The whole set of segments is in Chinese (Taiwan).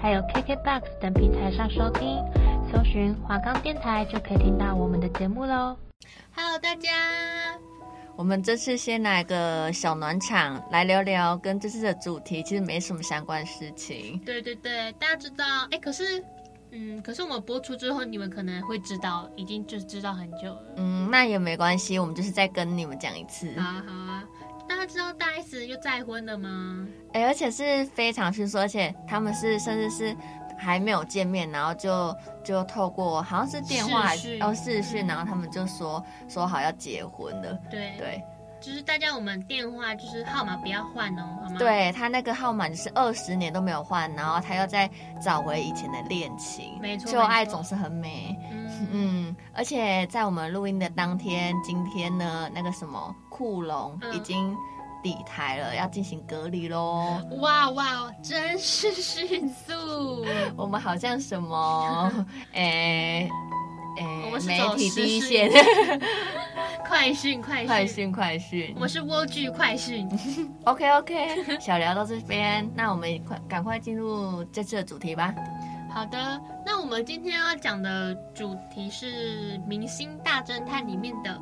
還有 KKBOX 等平台上收聽，搜尋華岡電台就可以聽到我們的節目嘍。Hello，大家，我們這次先來個小暖場，來聊聊跟這次的主題其實沒什麼相關事情。對對對，大家知道，誒，可是。嗯，可是我們播出之後，你們可能會知道，已經就是知道很久了。嗯，那也沒關係，我們就是再跟你們講一次啊。好啊，那大家知道大 S 又再婚了嗎？哎、欸，而且是非常迅速，而且他們是甚至是還沒有見面，然後就就透過好像是電話還是然後視訊，然後他們就說說好要結婚了。對對。對就是大家，我們電話就是號碼不要換哦，好嗎？對，他那個號碼就是二十年都沒有換，然後他又在找回以前的戀情。沒錯，最後愛總是很美。嗯，嗯而且在我們錄音的當天，今天呢，那個什麼酷龍已經抵台了，嗯、要進行隔離嘍。哇哇，真是迅速！ 我們好像什麼哎。 欸哎我們是媒體第一線，快訊快訊快訊快訊，我們是窩劇快訊。OK OK，小聊到這邊， 那我們快趕快進入這次的主題吧。好的，那我們今天要講的主題是《明星大偵探》裡面的，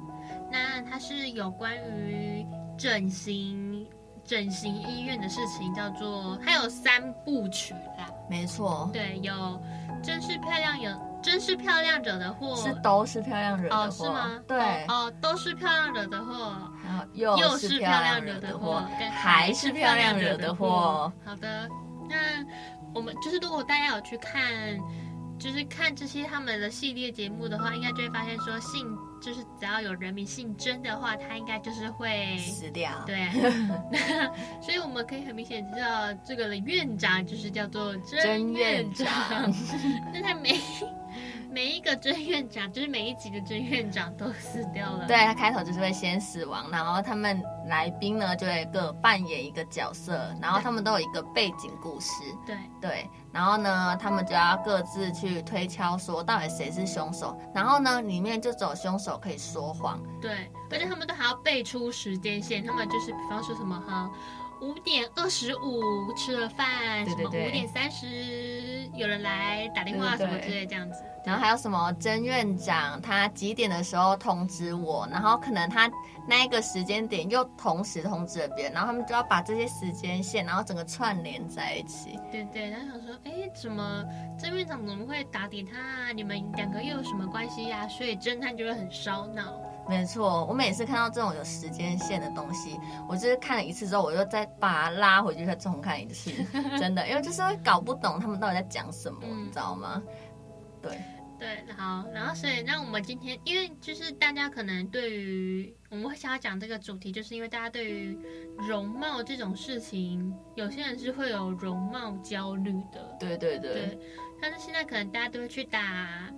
那它是有關於整形、整形醫院的事情，叫做它有三部曲啦。沒錯，對，有甄是漂亮有。甄是漂亮惹的禍，是都是漂亮惹的禍，哦，是嗎？對，哦，都是漂亮惹的禍，然後又是漂亮惹的禍，跟還是漂亮惹的禍。好的，那我們就是如果大家有去看，就是看這些他們的系列節目的話，應該就會發現說姓，姓就是只要有人名姓甄的話，他應該就是會死掉。對， 所以我們可以很明顯知道，這個的院長就是叫做甄院長。但他沒。 每一個甄院長，就是每一集的甄院長都死掉了。對，他開頭就是會先死亡，然後他們來賓呢就會各扮演一個角色，然後他們都有一個背景故事。對對，然後呢，他們就要各自去推敲，說到底誰是兇手。然後呢，裡面就只有兇手可以說謊。對，而且他們都還要背出時間線。他們就是，比方說什麼哈。五點二十五，吃了飯，對對對，什麼五點三十有人來打電話，什麼之類這樣子。對對對，然後還有什麼甄院長，他幾點的時候通知我，然後可能他那一個時間點又同時通知了別人，然後他們就要把這些時間線，然後整個串聯在一起。對，對對，然後想說，哎、欸，怎麼甄院長怎麼會打給他、啊？你們兩個又有什麼關係呀、啊？所以偵探就會很燒腦。沒錯，我每次看到這種有時間線的東西，我就是看了一次之後，我就再把它拉回去再重看一次， 真的，因為就是會搞不懂他們到底在講什麼，嗯、你知道嗎？對對，好，然後所以那我們今天，因為就是大家可能對於我們會想要講這個主題，就是因為大家對於容貌這種事情，有些人是會有容貌焦慮的，對對對、對，但是現在可能大家都會去打。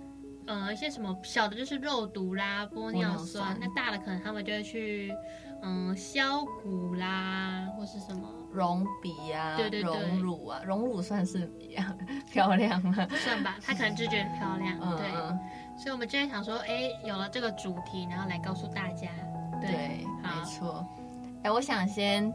呃、嗯，一些什麼小的，就是肉毒啦、玻尿酸，酸那大的，可能他們就會去，嗯，削骨啦，或是什麼隆鼻啊、隆乳啊。隆乳算是比較、啊、漂亮了， 算吧。他可能就覺得漂亮，是是對。嗯、所以，我們今天想說，哎，有了這個主題，然後來告訴大家。對，對好沒錯。哎，我想先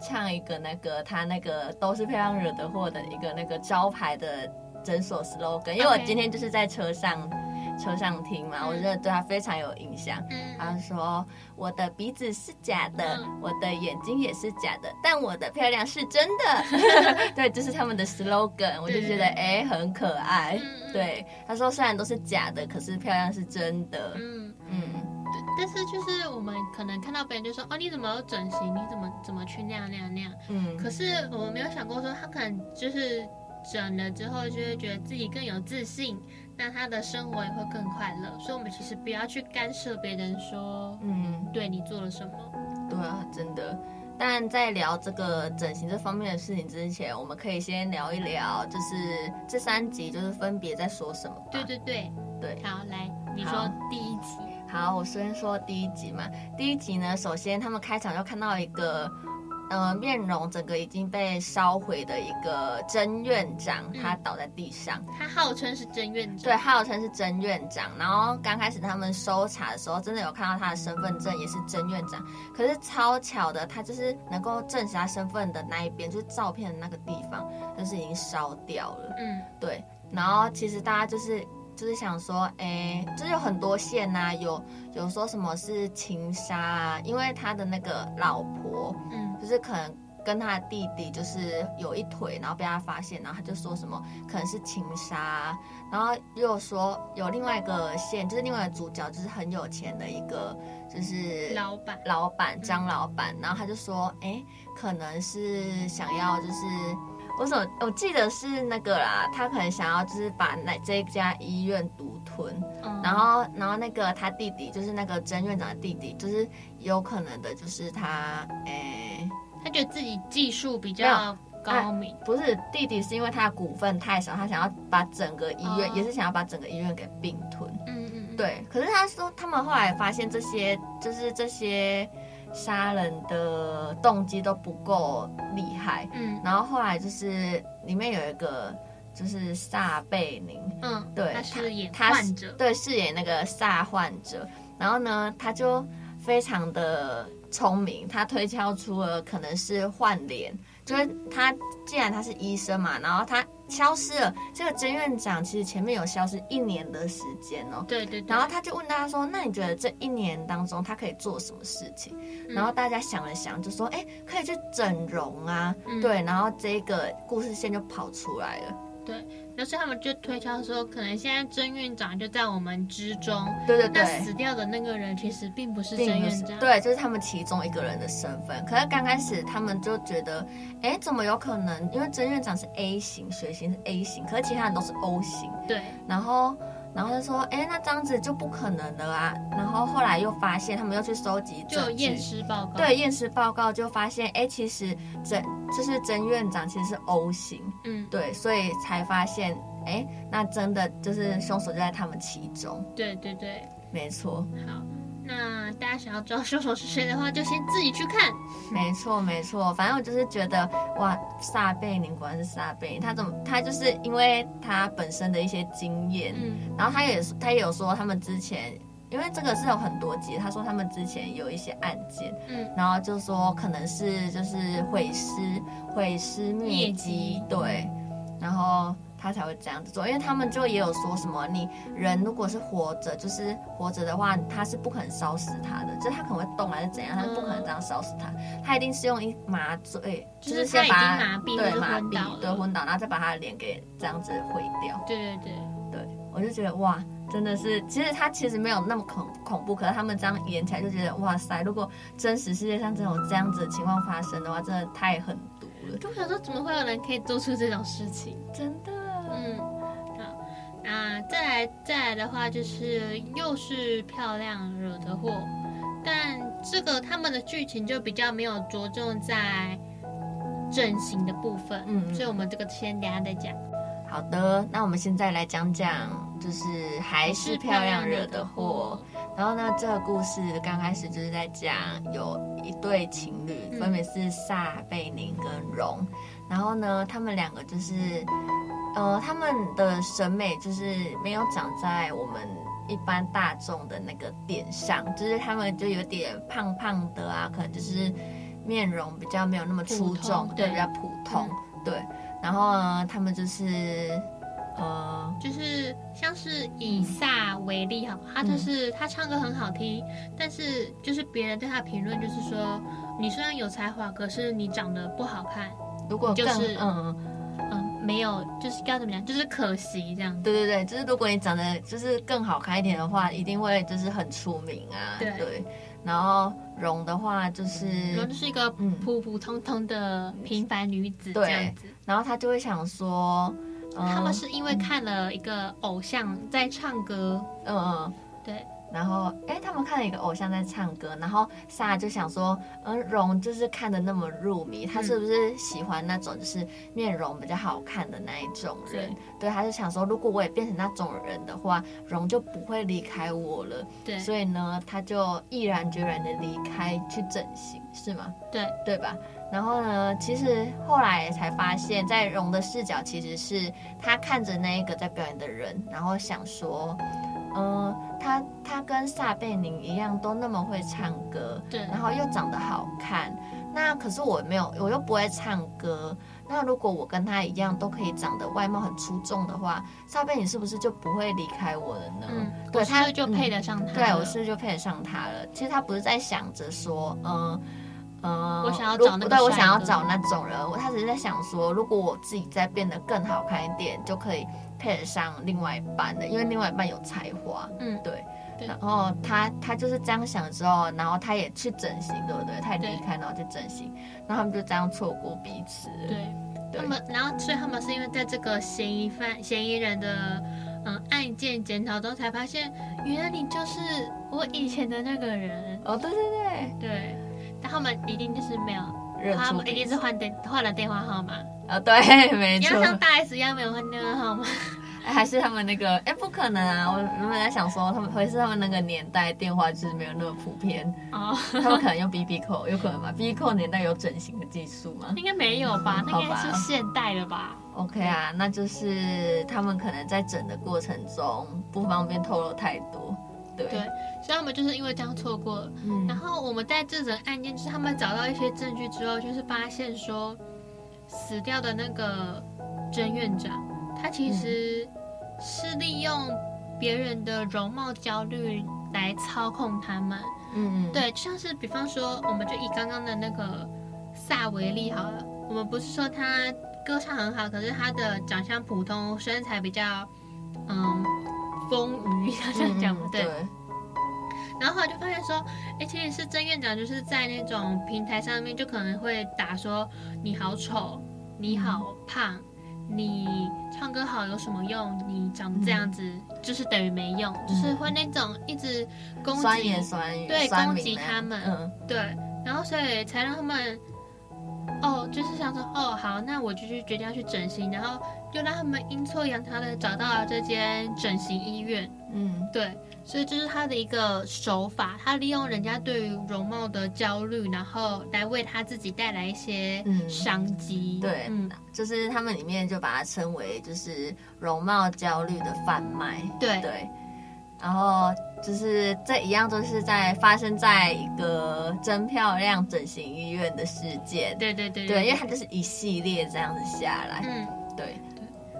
唱一個那個他那個都是漂亮惹的禍的一個那個招牌的診所 slogan，Okay 因為我今天就是在車上。車上聽嘛，我真的對他非常有印象。他說：“嗯、我的鼻子是假的，嗯、我的眼睛也是假的，但我的漂亮是真的。 ”對，這、就是他們的 slogan，我就覺得哎、欸，很可愛。嗯、對，他說雖然都是假的，可是漂亮是真的。嗯嗯。嗯對，但是就是我們可能看到別人就說：“哦，你怎麼有整形？你怎麼怎麼去那樣那樣那樣？”嗯。可是我沒有想過說，他可能就是整了之後，就會覺得自己更有自信。那他的生活也會更快樂，所以我們其實不要去干涉別人說，嗯，對你做了什麼，對啊，真的。但在聊這個整形這方面的事情之前，我們可以先聊一聊，就是這三集就是分別在說什麼。對對對，對。好，來，你說第一集。好。好，我先說第一集嘛。第一集呢，首先他們開場就看到一個。呃，面容整個已經被燒毀的一個甄院長。嗯、他倒在地上。他號稱是甄院長，對，號稱是甄院長。然後剛開始他們搜查的時候，真的有看到他的身份證，也是甄院長。可是超巧的，他就是能夠證實他身份的那一邊，就是照片的那個地方，就是已經燒掉了。嗯，對。然後其實大家就是。就是想說，哎，就是有很多線吶，有有說什麼是情殺啊？因為他的那個老婆，嗯，就是可能跟他弟弟就是有一腿，然後被他發現，然後他就說什麼可能是情殺啊，然後又說有另外一個線，就是另外一個主角就是很有錢的一個就是老闆，老闆，張老闆，然後他就說，哎，可能是想要就是。我什我記得是那個啦，他可能想要就是把那這一家醫院獨吞，嗯、然後然後那個他弟弟就是那個甄院長的弟弟，就是有可能的，就是他誒，哎、他覺得自己技術比較高明，啊、不是弟弟是因為他的股份太少，他想要把整個醫院、嗯、也是想要把整個醫院給併吞、嗯，嗯嗯，對。可是他說他們後來發現這些就是這些。殺人的動機都不夠厲害，嗯，然後後來就是裡面有一個就是撒貝寧，嗯，對，他是演他對，飾演那個撒患者，然後呢，他就非常的聰明，他推敲出了可能是換臉，就是他既然他是醫生嘛，然後他。消失了，這個甄院長其實前面有消失一年的時間哦。對，對對。然後他就問大家說：“那你覺得這一年當中他可以做什麼事情？”嗯、然後大家想了想，就說：“哎，可以去整容啊。嗯”對。然後這個故事線就跑出來了。對，然後所以他們就推敲說，可能現在甄院長就在我們之中。對對對。那死掉的那個人其實並不是甄院長，對，就是他們其中一個人的身份。可是剛開始他們就覺得，哎，怎麼有可能？因為甄院長是 A 型血型，是 A 型，可是其他人都是 O 型。對，然後。然後他說：“哎，那這樣子就不可能了啊。”然後後來又發現，他們又去收集，就驗屍報告。對，驗屍報告就發現，哎，其實真就是甄院長其實是 O 型，嗯，對，所以才發現，哎，那真的就是凶手就在他們其中。嗯、對對對，沒錯。好。那大家想要知道兇手是誰的話，就先自己去看。嗯、沒錯，沒錯。反正我就是覺得，哇，撒貝寧果然是撒貝寧。他怎麼？他就是因為他本身的一些經驗，嗯。然後他也他也有說他們之前，因為這個是有很多集，他說他們之前有一些案件，嗯。然後就說可能是就是毀屍毀屍滅跡，耶對。然後。他才會這樣子做，因為他們就也有說什麼，你人如果是活着，就是活着的話，他是不可能燒死他的，就是他可能會動還是怎樣，嗯、他是不可能這樣燒死他，他一定是用一麻醉，欸、就是他麻先把他麻痺，對，麻痹，對，昏倒對，然後再把他的臉給這樣子毀掉。對對對，對，我就覺得哇，真的是，其實他其實沒有那麼恐恐怖，可是他們這樣演起來就覺得哇塞，如果真實世界上這種這樣子的情況發生的話，真的太狠毒了。就我想說，怎麼會有人可以做出這種事情？真的。嗯，好，那、啊、再來再來的話，就是又是漂亮惹的禍，但這個他們的劇情就比較沒有着重在整形的部分，嗯，所以我們這個先等下再講。好的，那我們現在來講講，就是還是漂亮惹的禍。然後呢，這個故事剛開始就是在講有一對情侶，嗯、分別是撒貝寧跟榮，然後呢，他們兩個就是。呃，他們的審美就是沒有長在我們一般大眾的那個點上，就是他們就有點胖胖的啊，可能就是面容比較沒有那麼出眾，對，對，比較普通，嗯、對。然後呢、呃，他們就是呃，就是像是以薩為例哈、嗯哦，他就是他唱歌很好聽，嗯、但是就是別人對他評論就是說，你雖然有才華，可是你長得不好看。如果就是嗯。呃沒有，就是要怎麼講，就是可惜這樣子。對對對，就是如果你長得就是更好看一點的話，一定會就是很出名啊。對，對，然後榮的話就是、嗯、容就是一個普普通通的平凡女子這樣子。然後她就會想說，嗯、他們是因為看了一個偶像在唱歌。嗯嗯，對。然後，哎，他們看了一個偶像在唱歌，然後薩就想說，嗯，榮就是看得那麼入迷，他是不是喜歡那種就是面容比較好看的那一種人？嗯、對,對，他就想說，如果我也變成那種人的話，榮就不會離開我了。對，所以呢，他就毅然決然地離開去整形，是嗎？對，對吧？然後呢，其實後來才發現，在榮的視角，其實是他看着那一個在表演的人，然後想說。嗯，他他跟撒貝寧一樣，都那麼會唱歌，對，然後又長得好看。那可是我沒有，我又不會唱歌。那如果我跟他一樣，都可以長得外貌很出眾的話，撒貝寧是不是就不會離開我了呢？嗯，對，我是不是就配得上他，嗯，對，我是不是就配得上他了。其實他不是在想着說，嗯。嗯、我想要找那，不對我想要找那種人，他只是在想說，如果我自己再變得更好看一點，就可以配得上另外一半的，因為另外一半有才華。嗯，對。對，然後他他就是這樣想之後，然後他也去整形，對不對？太厲害，對然後去整形，然後他們就這樣錯過彼此。對，對，他們，然後所以他們是因為在這個嫌疑犯、嫌疑人的嗯案件檢討中才發現，原來你就是我以前的那個人。哦，對對對，對。對但他們一定就是沒有，他們一定是換電換了電話號碼。呃、哦，對，沒錯。要像大 S 一樣沒有換電話號碼，欸，還是他們那個？哎、欸，不可能啊！我我本來想說，他們回是他們那個年代電話就是沒有那麼普遍哦、oh. 他們可能用 BB Call，有可能吧？BB Call 年代有整形的技術嗎？應該沒有吧？那應該是現代的吧，嗯、吧？OK 啊，那就是他們可能在整的過程中不方便透露太多。對，對，所以他們就是因為這樣錯過了。嗯，然後我們在這則案件，就是他們找到一些證據之後，就是發現說，死掉的那個甄院長，他其實是利用別人的容貌焦慮來操控他們。嗯，嗯，對，就像是比方說，我們就以剛剛的那個薩為例好了，我們不是說他歌唱很好，可是他的長相普通，身材比較，嗯。公於好像講得對。嗯、對，然後後來就發現說，哎、欸，其實是甄院長就是在那種平台上面，就可能會打說：“你好醜，你好胖，嗯、你唱歌好有什麼用？你長這樣子、嗯、就是等於沒用。嗯”就是會那種一直攻擊，酸酸對酸米 攻擊他們、嗯。對，然後所以才讓他們，哦，就是想說，哦，好，那我就是決定要去整形，然後。就讓他們陰錯陽差的找到了這間整形醫院。嗯，對，所以這是他的一個手法，他利用人家對於容貌的焦慮，然後來為他自己帶來一些嗯商機。對，嗯，就是他們裡面就把它稱為就是容貌焦慮的販賣。對對，然後就是這一樣都是在發生在一個甄漂亮整形醫院的事件。對對，對對對，對，因為它就是一系列這樣子下來。嗯，對。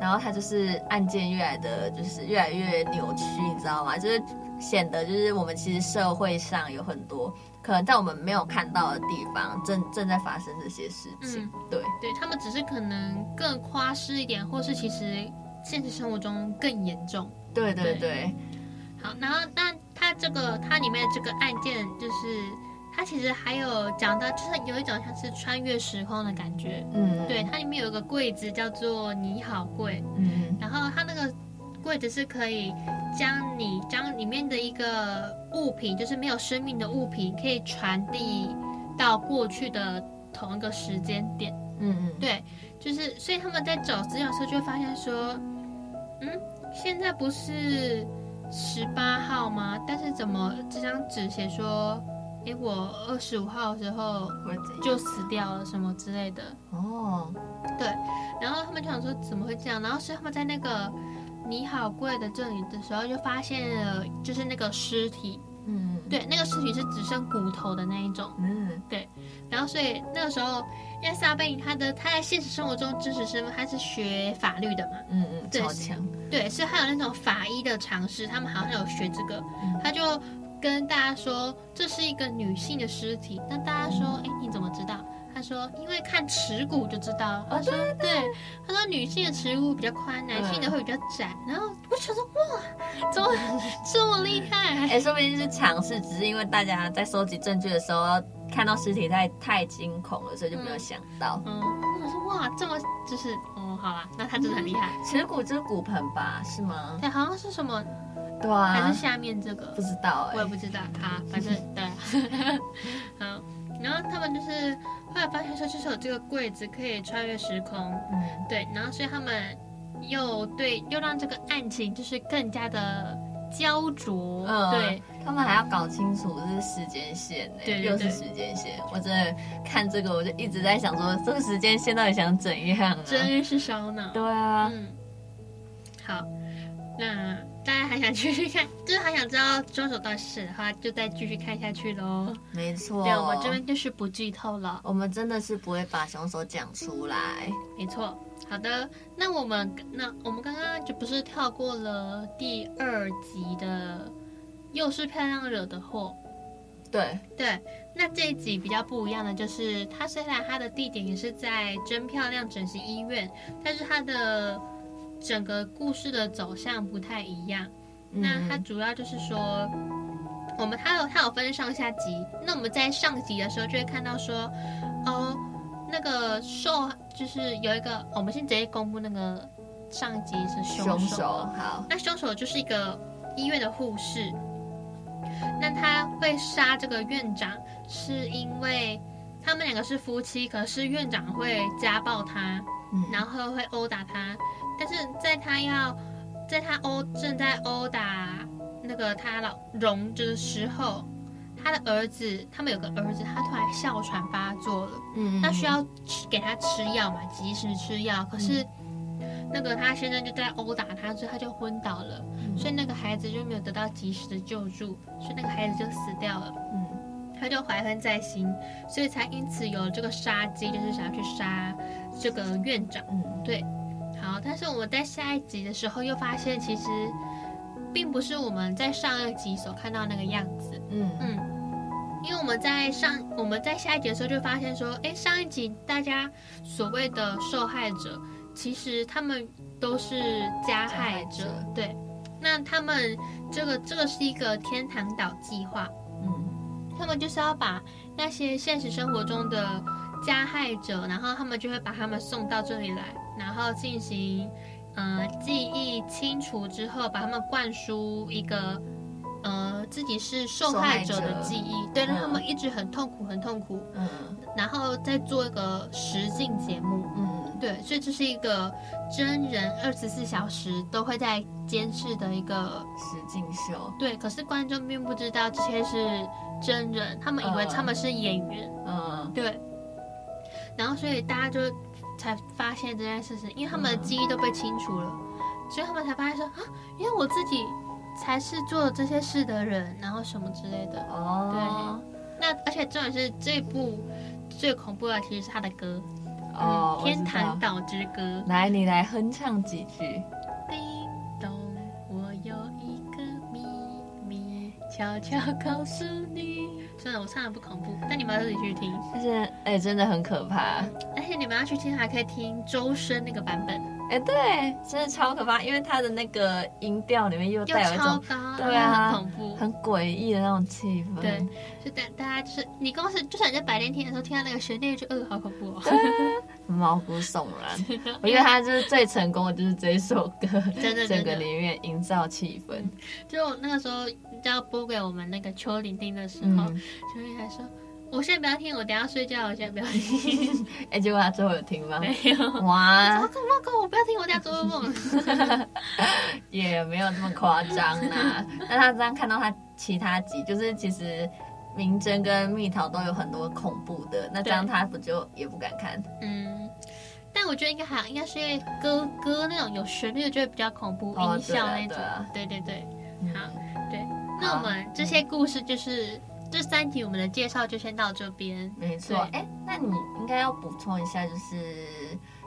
然後它，就是案件越來的，就是越來越扭曲，你知道嗎？就是顯得就是我們其實社會上有很多可能在我們沒有看到的地方正正在發生這些事情，對、嗯、對，他們只是可能更誇張一點，或是其實現實生活中更嚴重，對對對，對。好，然後那它這個它裡面這個案件就是。它其實還有講到，就是有一種像是穿越時空的感覺。嗯，對，它裡面有一個櫃子叫做“你好櫃”。嗯,嗯，然後它那個櫃子是可以將你將裡面的一個物品，就是沒有生命的物品，可以傳遞到過去的同一個時間點。嗯,嗯對，就是所以他們在走紙的時候就會發現說：“嗯，現在不是十八號嗎？但是怎麼這張紙寫說？”結果二十五號的時候就死掉了，什麼之類的哦。對，然後他們就想說怎麼會這樣？然後是他們在那個你好貴的這裡的時候就發現了，就是那個屍體。嗯，對，那個屍體是只剩骨頭的那一種。嗯，對。然後所以那個時候，因為撒貝寧他的他在現實生活中知識身份，他是學法律的嘛。嗯嗯，嗯對超強。對，是還有那種法醫的常識，他們好像有學這個。嗯、他就。跟大家說，這是一個女性的屍體。那大家說，哎，你怎麼知道？說，因為看恥骨就知道。他說，哦、對，對，對。他說，女性的恥骨比較寬，男、嗯、性的會比較窄。然後我就想說，哇，怎麼這麼厲害？哎、欸，說不定是嘗試，只是因為大家在收集證據的時候看到屍體太太驚恐了，所以就沒有想到。嗯，我、嗯、說，哇，這麼就是，哦、嗯，好啦，那他真的很厲害。恥、嗯、骨就是骨盆吧？是嗎？對，好像是什麼，對啊，還是下面這個？不知道、欸，我也不知道。他是、啊、反正對 好。然後他們就是。後來發現說，就是有這個櫃子可以穿越時空，嗯、對，然後所以他們又對，又讓這個案情就是更加的焦灼，嗯、對，他們還要搞清楚是時間線，對，對，對，對，又是時間線，我真的看這個，我就一直在想說，這個時間線到底想怎樣啊？真是燒腦，對啊，嗯。好，那。大家還想繼續看，就是還想知道兇手到底是誰的話，就再繼續看下去嘍。沒錯，對，我們這邊就是不劇透了，我們真的是不會把凶手講出來。沒錯，好的，那我們那我們剛剛就不是跳過了第二集的甄是漂亮惹的禍？對對，那這一集比較不一樣的就是，它雖然它的地點也是在甄漂亮整形醫院，但是它的。整個故事的走向不太一樣，那它主要就是說，嗯、我們它有它有分上下集，那我們在上集的時候就會看到說，哦，那個受就是有一個，嗯、我們先直接公布那個上集是凶手，凶手，好，那凶手就是一個醫院的護士，那他會殺這個院長是因為他們兩個是夫妻，可是院長會家暴他，嗯、然後會毆打他。但是在他要，在他毆正在毆打那個他老榮的時候，他的兒子他們有個兒子，他突然哮喘發作了，嗯，那需要給他吃藥嘛？及時吃藥。可是那個他先生就在毆打他之後，所以他就昏倒了，嗯，所以那個孩子就沒有得到及時的救助，所以那個孩子就死掉了。嗯，他就懷恨在心，所以才因此有這個殺機，就是想要去殺這個院長。嗯，對。然後但是我們在下一集的時候又發現，其實並不是我們在上一集所看到那個樣子。嗯嗯，因為我們在上我們在下一集的時候就發現說，哎，上一集大家所謂的受害者，其實他們都是加害者。加害者對，那他們這個這個是一個天堂島計劃。嗯，他們就是要把那些現實生活中的加害者，然後他們就會把他們送到這裡來。然後進行，呃，記憶清除之後，把他們灌輸一個，嗯、呃，自己是受害者的記憶，嗯、對，讓他們一直很痛苦，很痛苦。嗯。然後再做一個實境節目，嗯，嗯，對，所以這是一個真人二十四小時都會在監視的一個實境秀。對，可是觀眾並不知道這些是真人，他們以為他們是演員。嗯。嗯對。然後，所以大家就。才發現這件事情，因為他們的記憶都被清除了，嗯、所以他們才發現說啊，原來我自己才是做這些事的人，然後什麼之類的。哦。對。那而且重點是這一部最恐怖的其實是他的歌，哦，嗯、天堂島之歌。來，你來哼唱幾句。叮咚，我有一個祕密，悄悄告訴你。真的，我唱的不恐怖，但你們要自己去聽。但是，哎、欸，真的很可怕。而且你們要去聽，還可以聽周深那個版本。哎、欸，對，真的超可怕，因為他的那個音調裡面又帶有一種又超高，對啊，很恐怖、很詭異的那種氣氛。對，就大大家就是，你公司就算你在白天聽的時候，聽到那個懸念就惡、呃，好恐怖哦。嗯毛骨悚然，我覺得他就是最成功的，就是這一首歌，在 對這個裡面營造氣氛。對對對對、嗯。就我那個時候要播給我們那個邱玲聽的時候，邱玲、嗯、還說：“我現在不要聽，我等下睡覺。”我現在不要聽。哎、 欸，結果他最後有聽嗎？沒有。哇！糟糕糟糕，我不要聽，我等下做噩夢。也沒有這麼誇張啊。 但他這樣看到他其他集，就是其實。明偵跟蜜桃都有很多恐怖的，那這樣他不就也不敢看？嗯，但我覺得應該還應該是因為哥哥那種有旋律就會比較恐怖、哦啊、音效那種，對對對，嗯、好，對，那我們這些故事就是好這三集我們的介紹就先到這邊，沒錯。哎對，那你應該要補充一下，就是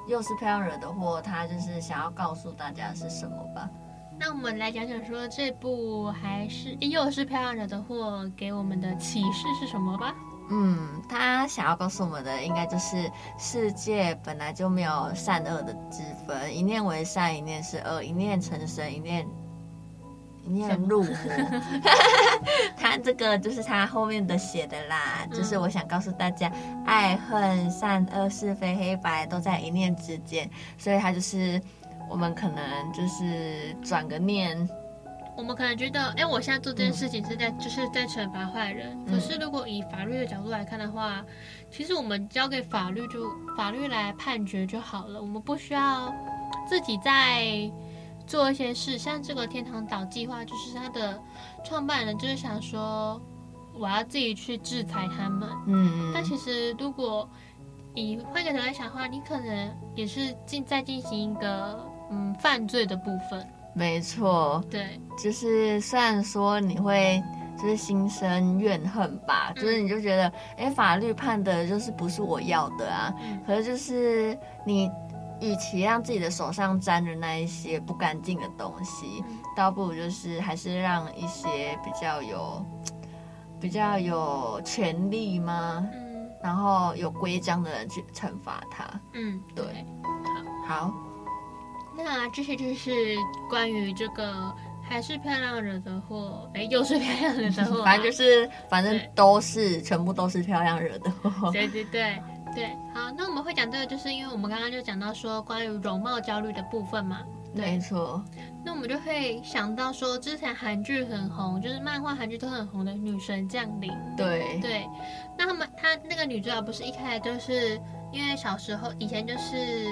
又是漂亮惹的禍，他就是想要告訴大家是什麼吧？那我們來講講說這部還是又是《漂亮惹的禍》給我們的啟示是什麼吧？嗯，他想要告訴我們的應該就是世界本來就沒有善惡的之分，一念為善，一念是惡，一念成神，一念一念入魔。什麼 他這個就是他後面的寫的啦，嗯、就是我想告訴大家，愛恨善惡是非黑白都在一念之間，所以他就是。我們可能就是轉個念，我們可能覺得，哎，我現在做這件事情是在，嗯、就是在懲罰壞人。嗯、可是如果以法律的角度來看的話，其實我們交給法律就法律來判決就好了，我們不需要自己再做一些事。像這個天堂島計劃，就是他的創辦人就是想說，我要自己去制裁他們。嗯嗯。但其實如果以換一個角度想的話，你可能也是進在進行一個。嗯，犯罪的部分，沒錯，對，就是雖然說你會就是心生怨恨吧，嗯、就是你就覺得，哎，法律判的就是不是我要的啊？嗯，可是就是你，與其讓自己的手上沾着那一些不乾淨的東西，嗯、倒不如就是還是讓一些比較有比較有權利嗎？嗯，然後有規章的人去懲罰他。嗯，對，嗯、okay, 好。好那這些就是關於這個還是漂亮惹的禍，哎，又是漂亮惹的禍、啊。反正就是，反正都是，對全部都是漂亮惹的禍。 對對對，對。好，那我們會講這個，就是因為我們剛剛就講到說關於容貌焦慮的部分嘛。沒錯。那我們就會想到說，之前韓劇很紅，就是漫畫、韓劇都很紅的《女神降臨》。對。對。那他們，他那個女主角不是一開始就是因為小時候以前就是。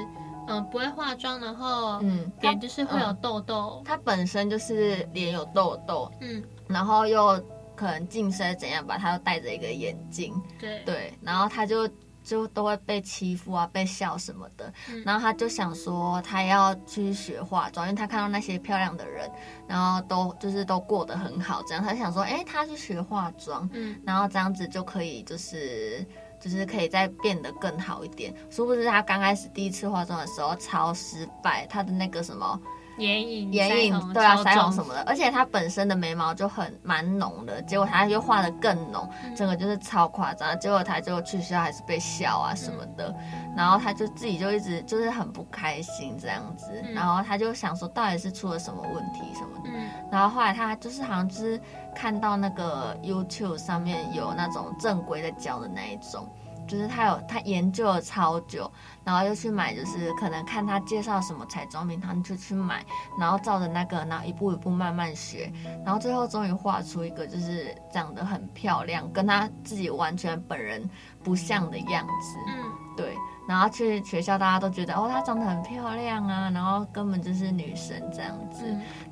嗯，不會化妝，然後嗯，臉就是會有痘痘。她、嗯嗯、她本身就是臉有痘痘，嗯，然後又可能近視怎樣吧，他又戴着一個眼鏡，對對，然後他就就都會被欺負啊，被笑什麼的。嗯，然後他就想說，他要去學化妝，因為他看到那些漂亮的人，然後都就是都過得很好，這樣他想說，哎，他去學化妝，嗯，然後這樣子就可以就是。就是可以再變得更好一點。殊不知，他剛開始第一次化妝的時候超失敗，他的那個什麼。眼影、眼影蠟蠟對啊，腮紅重什麼的，而且她本身的眉毛就很蠻濃的，結果她又畫得更濃，嗯、整個就是超誇張。結果她就去學校還是被笑啊什麼的，嗯、然後她就自己就一直就是很不開心這樣子，嗯、然後她就想說到底是出了什麼問題什麼的。嗯、然後後來她就是好像就是看到那個 YouTube 上面有那種正規的教的那一種。就是他有他研究了超久，然後又去買，就是可能看他介紹什麼彩妝品，他們就去買，然後照着那個，然後一步一步慢慢學，然後最後終於畫出一個就是長得很漂亮，跟他自己完全本人不像的樣子。嗯，對。然後去學校，大家都覺得哦，她長得很漂亮啊，然後根本就是女神這樣子。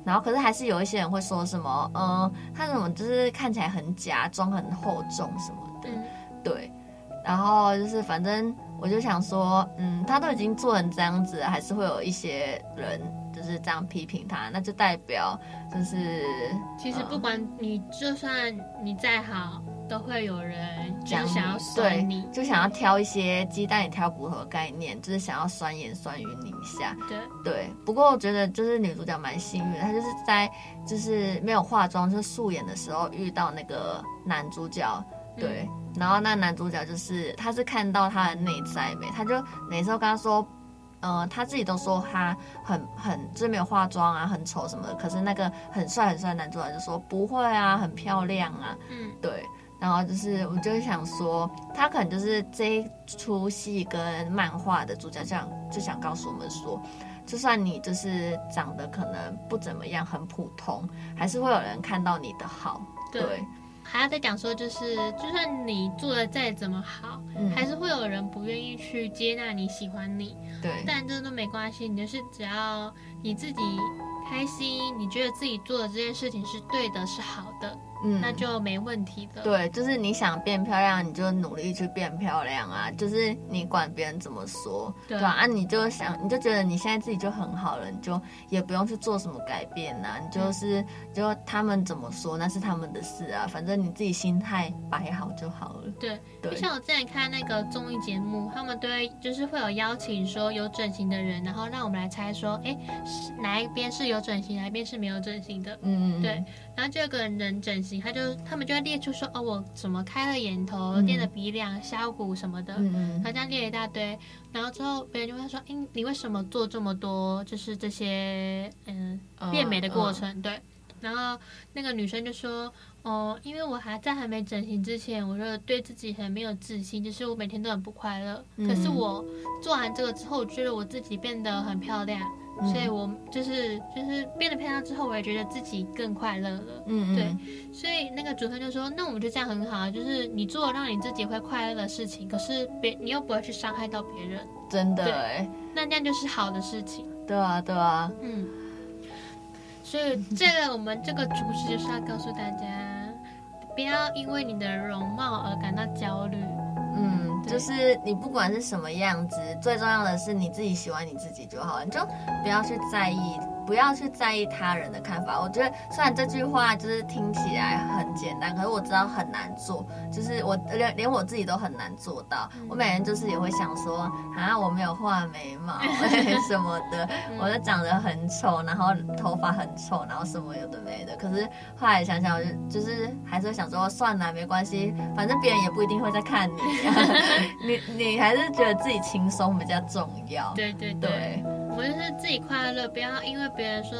然後可是還是有一些人會說什麼，嗯，她怎麼就是看起來很假，妝很厚重什麼的。對。然後就是，反正我就想說，嗯，他都已經做成這樣子了，還是會有一些人就是這樣批評他，那就代表就是。嗯、其實不管你就算你再好，都會有人就想要損你對，就想要挑一些雞蛋裡挑骨頭的概念，就是想要酸言酸語你一下。對對，不過我覺得就是女主角蠻幸運的，她就是在就是沒有化妝、就是、素顏的時候遇到那個男主角，嗯、對。然後那男主角就是，他是看到他的內在美，他就每次跟他說，呃，他自己都說他很很就是沒有化妝啊，很醜什麼的。可是那個很帥很帥的男主角就說不會啊，很漂亮啊。嗯。對。然後就是，我就想說，他可能就是這一出戲跟漫畫的主角就想就想告訴我們說，就算你就是長得可能不怎麼樣，很普通，還是會有人看到你的好。嗯、對。還要再講說，就是就算你做的再怎麼好，嗯，還是會有人不願意去接納你喜歡你。對，但這都沒關係，你就是只要你自己開心，你覺得自己做的這件事情是對的，是好的。嗯，那就沒問題的。對，就是你想變漂亮，你就努力去變漂亮啊。就是你管別人怎麼說，對吧。啊？啊，你就想，你就覺得你現在自己就很好了，你就也不用去做什麼改變吶，啊。你就是，對，就他們怎麼說那是他們的事啊，反正你自己心態擺好就好了。對，對。就像我之前看那個綜藝節目，他們對，就是會有邀請說有整形的人，然後讓我們來猜說，哎、欸，是哪一邊是有整形，哪一邊是沒有整形的？嗯嗯，對。然後這個人整形。他就他們就要列出說哦，我怎麼開了眼頭，墊了鼻梁，削骨、嗯、什麼的，他、嗯、這樣列一大堆，然後之後別人就會說，哎，你為什麼做這麼多？就是這些嗯變美的過程，哦、對。然後那個女生就說，哦、嗯，因為我還在還沒整形之前，我就對自己很沒有自信，就是我每天都很不快樂。可是我做完這個之後，我覺得我自己變得很漂亮。嗯、所以，我就是就是變得漂亮之後，我也覺得自己更快樂了。嗯，嗯，對。所以那個主持人就說：“那我們就這樣很好，就是你做了讓你自己會快樂的事情，可是別你又不會去傷害到別人。”真的哎，那那樣就是好的事情。對啊，對啊。嗯。所以這個我們這個主旨就是要告訴大家，不要因為你的容貌而感到焦慮。嗯，就是你不管是什麼樣子，對最重要的是你自己喜歡你自己就好，你就不要去在意。不要去在意他人的看法。我覺得雖然這句話就是聽起來很簡單，可是我知道很難做。就是我連連我自己都很難做到。嗯、我每天就是也會想說啊，我沒有畫眉毛 什麼的，我長得很醜，然後頭髮很醜，然後什麼有的沒的。可是後來想想，我就就是還是會想說算了，沒關係，反正別人也不一定會再看你。 你你還是覺得自己輕鬆比較重要。對對對。對我們就是自己快樂，不要因為別人說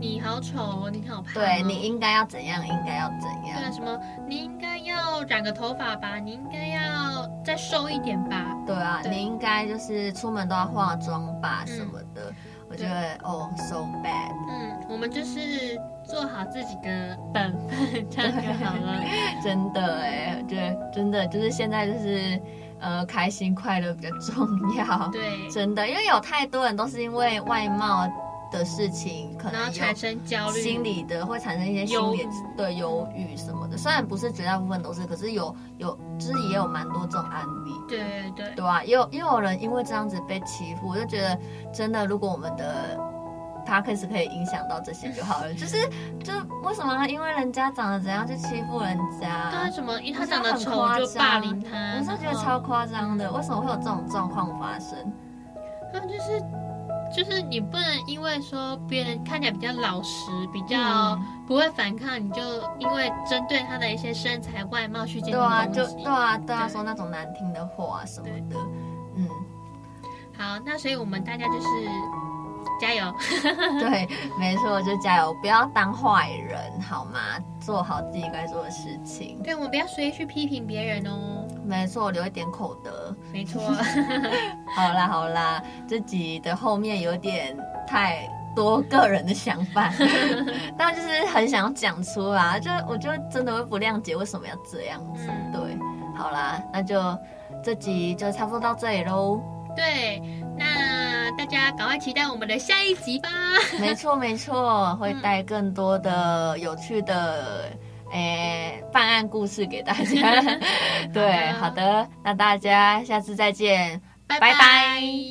你好醜，你好胖。哦，對你應該要怎樣？應該要怎樣？對，什麼？你應該要染個頭髮吧？你應該要再瘦一點吧？對啊，對你應該就是出門都要化妝吧，嗯、什麼的。我覺得對哦，so bad。嗯，我們就是做好自己的本分，這樣就好了。對真的哎、欸，我覺得真的就是現在就是。呃，開心快樂比較重要。對，真的，因為有太多人都是因為外貌的事情，嗯、可能然後產生焦慮，心理的會產生一些心理的憂鬱什麼的。雖然不是絕大部分都是，可是有有就是也有蠻多這種案例。對對對，對啊，也有也有人因為這樣子被欺負，我就覺得真的，如果我們的。他開始可以影響到這些就好了，就是就為什麼？因為人家長得怎樣去欺負人家？對什麼？因為他長得醜就霸凌他？嗯、我是覺得超誇張的，嗯、為什麼會有這種狀況發生？那、嗯、就是就是你不能因為說別人看起來比較老實，比較不會反抗，嗯、你就因為針對他的一些身材外貌去進行攻擊？對啊，對啊，說那種難聽的話什麼的。對嗯，好，那所以我們大家就是。加油！ 對，沒錯，就加油！不要當壞人，好嗎？做好自己該做的事情。對，我們不要隨意去批評別人哦。嗯、沒錯，留一點口德。沒錯。 好啦，好啦，這集的後面有點太多個人的想法， 但就是很想要講出來，就我就真的會不諒解為什麼要這樣子。嗯、對，好啦，那就這集就差不多到這裡嘍。對，那大家趕快期待我們的下一集吧！ 沒錯沒錯，會帶更多的有趣的，嗯、誒，辦案故事給大家。 的對，好的，那大家下次再見， 拜拜。Bye bye